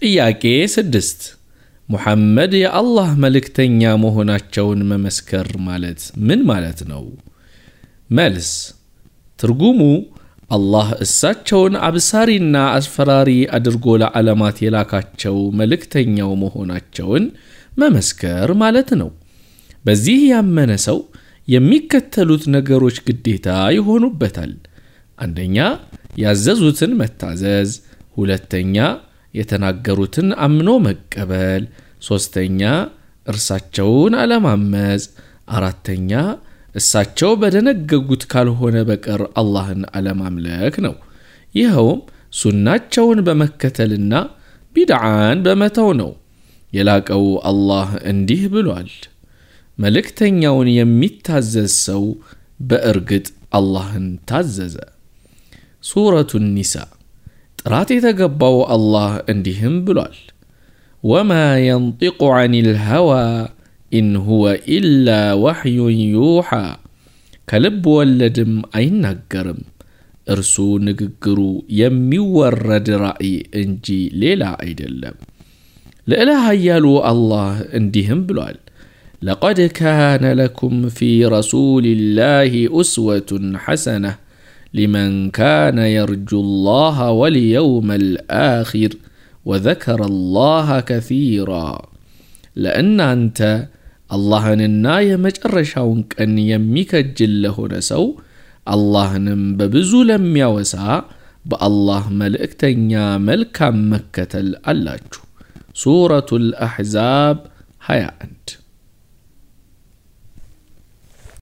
ጥያቄ ስድስት ሙሐመድ የአላህ መልእክተኛ መሆናቸውን መመስከር ማለት ምን ማለት ነው? መልስ ትርጉሙ አላህ እሳቸውን አብሳሪና አስፈራሪ አድርጎ ለዓለማት የላካቸው መልእክተኛው መሆናቸውን መመስከር ማለት ነው። በዚህ ያመነ ሰው የሚከተሉት ነገሮች ግዴታ ይሆኑበታል። አንደኛ፣ ያዘዙትን መታዘዝ፣ ሁለተኛ የተናገሩትን አምኖ መቀበል፣ ሶስተኛ እርሳቸውን አለማመፅ፣ አራተኛ እሳቸው በደነገጉት ካልሆነ በቀር አላህን አለማምለክ ነው። ይኸውም ሱናቸውን በመከተልና ቢድዓን በመተው ነው። የላቀው አላህ እንዲህ ብሏል፣ መልእክተኛውን የሚታዘዝ ሰው በእርግጥ አላህን ታዘዘ። ሱረቱ ኒሳ ጥራት የተገባው አላህ እንዲህም ብሏል ወማ የንጢቁ አን ልሀዋ ኢን ሁወ ኢላ ወሕዩን ዩሓ ከልብ ወለድም አይናገርም እርሱ ንግግሩ የሚወረድ ራእይ እንጂ ሌላ አይደለም ልዕለ ኃያሉ አላህ እንዲህም ብሏል لقد كان لكم في رسول الله أسوة حسنة لمن كان يرجو الله واليوم الآخر وذكر الله كثيرا لأن أنت الله ننا يمجر شونك أن يميك الجله نسو الله نم ببزو لم يوسع بالله ملك تنيا ملكا مكة الألاج سورة الأحزاب حياة أنت